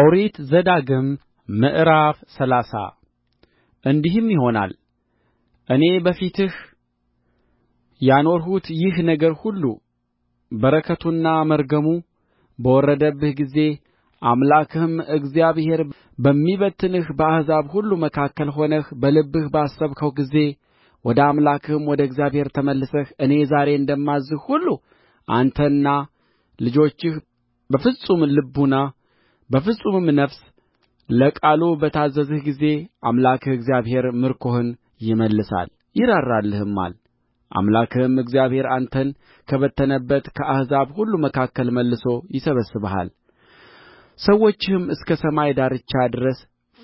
ኦሪት ዘዳግም ምዕራፍ ሰላሳ እንዲህም ይሆናል እኔ በፊትህ ያኖርሁት ይህ ነገር ሁሉ በረከቱና መርገሙ በወረደብህ ጊዜ አምላክህም እግዚአብሔር በሚበትንህ በአሕዛብ ሁሉ መካከል ሆነህ በልብህ ባሰብኸው ጊዜ ወደ አምላክህም ወደ እግዚአብሔር ተመልሰህ እኔ ዛሬ እንደማዝዝህ ሁሉ አንተና ልጆችህ በፍጹም ልቡና በፍጹምም ነፍስ ለቃሉ በታዘዝህ ጊዜ አምላክህ እግዚአብሔር ምርኮህን ይመልሳል ይራራልህማል አምላክህም እግዚአብሔር አንተን ከበተነበት ከአሕዛብ ሁሉ መካከል መልሶ ይሰበስብሃል ሰዎችህም እስከ ሰማይ ዳርቻ ድረስ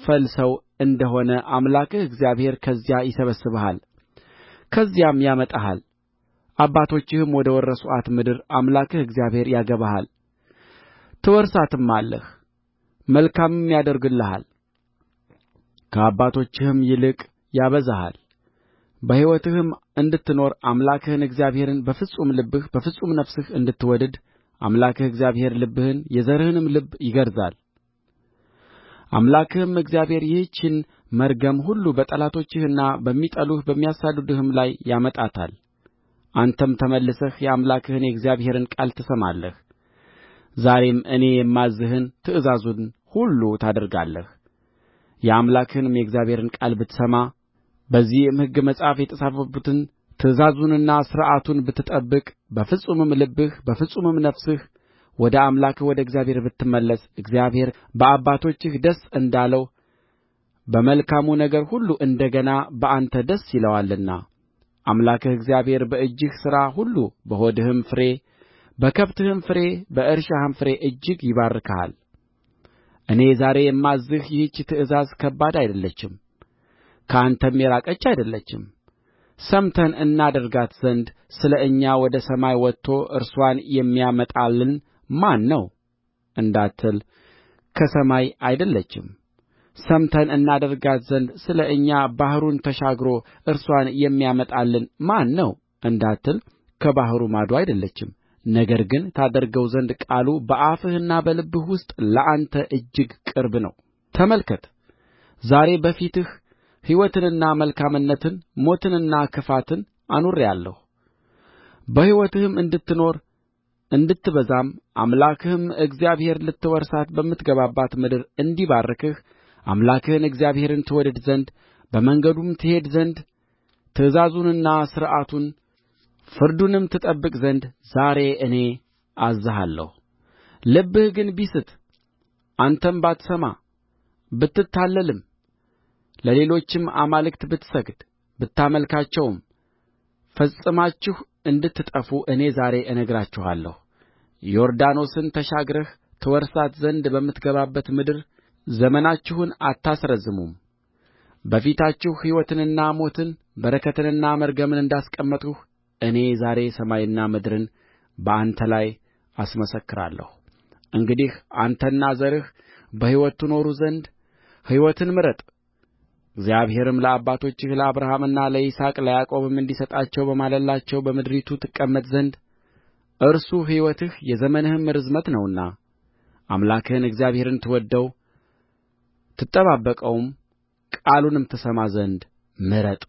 ፈልሰው እንደሆነ አምላክህ እግዚአብሔር ከዚያ ይሰበስብሃል ከዚያም ያመጣሃል አባቶችህም ወደ ወረሱአት ምድር አምላክህ እግዚአብሔር ያገባሃል ትወርሳትማለህ መልካምም ያደርግልሃል ከአባቶችህም ይልቅ ያበዛሃል በሕይወትህም እንድትኖር አምላክህን እግዚአብሔርን በፍጹም ልብህ በፍጹም ነፍስህ እንድትወድድ አምላክህ እግዚአብሔር ልብህን የዘርህንም ልብ ይገርዛል። አምላክህም እግዚአብሔር ይህችን መርገም ሁሉ በጠላቶችህና በሚጠሉህ በሚያሳድዱህም ላይ ያመጣታል። አንተም ተመልሰህ የአምላክህን የእግዚአብሔርን ቃል ትሰማለህ። ዛሬም እኔ የማዝዝህን ትእዛዙን ሁሉ ታደርጋለህ የአምላክህንም የእግዚአብሔርን ቃል ብትሰማ በዚህም ሕግ መጽሐፍ የተጻፉትን ትእዛዙንና ሥርዓቱን ብትጠብቅ በፍጹምም ልብህ በፍጹምም ነፍስህ ወደ አምላክህ ወደ እግዚአብሔር ብትመለስ እግዚአብሔር በአባቶችህ ደስ እንዳለው በመልካሙ ነገር ሁሉ እንደ ገና በአንተ ደስ ይለዋልና አምላክህ እግዚአብሔር በእጅህ ሥራ ሁሉ በሆድህም ፍሬ በከብትህም ፍሬ በእርሻህም ፍሬ እጅግ ይባርክሃል እኔ ዛሬ የማዝዝህ ይህች ትእዛዝ ከባድ አይደለችም ከአንተም የራቀች አይደለችም ሰምተን እናደርጋት ዘንድ ስለ እኛ ወደ ሰማይ ወጥቶ እርስዋን የሚያመጣልን ማን ነው እንዳትል ከሰማይ አይደለችም ሰምተን እናደርጋት ዘንድ ስለ እኛ ባሕሩን ተሻግሮ እርስዋን የሚያመጣልን ማን ነው እንዳትል ከባሕሩ ማዶ አይደለችም ነገር ግን ታደርገው ዘንድ ቃሉ በአፍህና በልብህ ውስጥ ለአንተ እጅግ ቅርብ ነው ተመልከት ዛሬ በፊትህ ሕይወትንና መልካምነትን ሞትንና ክፋትን አኑሬአለሁ በሕይወትህም እንድትኖር እንድትበዛም አምላክህም እግዚአብሔር ልትወርሳት በምትገባባት ምድር እንዲባርክህ አምላክህን እግዚአብሔርን ትወድድ ዘንድ በመንገዱም ትሄድ ዘንድ ትእዛዙንና ሥርዓቱን ፍርዱንም ትጠብቅ ዘንድ ዛሬ እኔ አዝዝሃለሁ ልብህ ግን ቢስት አንተም ባትሰማ ብትታለልም ለሌሎችም አማልክት ብትሰግድ ብታመልካቸውም ፈጽማችሁ እንድትጠፉ እኔ ዛሬ እነግራችኋለሁ ዮርዳኖስን ተሻግረህ ትወርሳት ዘንድ በምትገባባት ምድር ዘመናችሁን አታስረዝሙም በፊታችሁ ሕይወትንና ሞትን በረከትንና መርገምን እንዳስቀመጥሁ እኔ ዛሬ ሰማይንና ምድርን በአንተ ላይ አስመሰክራለሁ። እንግዲህ አንተና ዘርህ በሕይወት ትኖሩ ዘንድ ሕይወትን ምረጥ፣ እግዚአብሔርም ለአባቶችህ ለአብርሃምና ለይስሐቅ ለያዕቆብም እንዲሰጣቸው በማለላቸው በምድሪቱ ትቀመጥ ዘንድ እርሱ ሕይወትህ የዘመንህም ርዝመት ነውና አምላክህን እግዚአብሔርን ትወድደው ትጠባበቀውም ቃሉንም ትሰማ ዘንድ ምረጥ።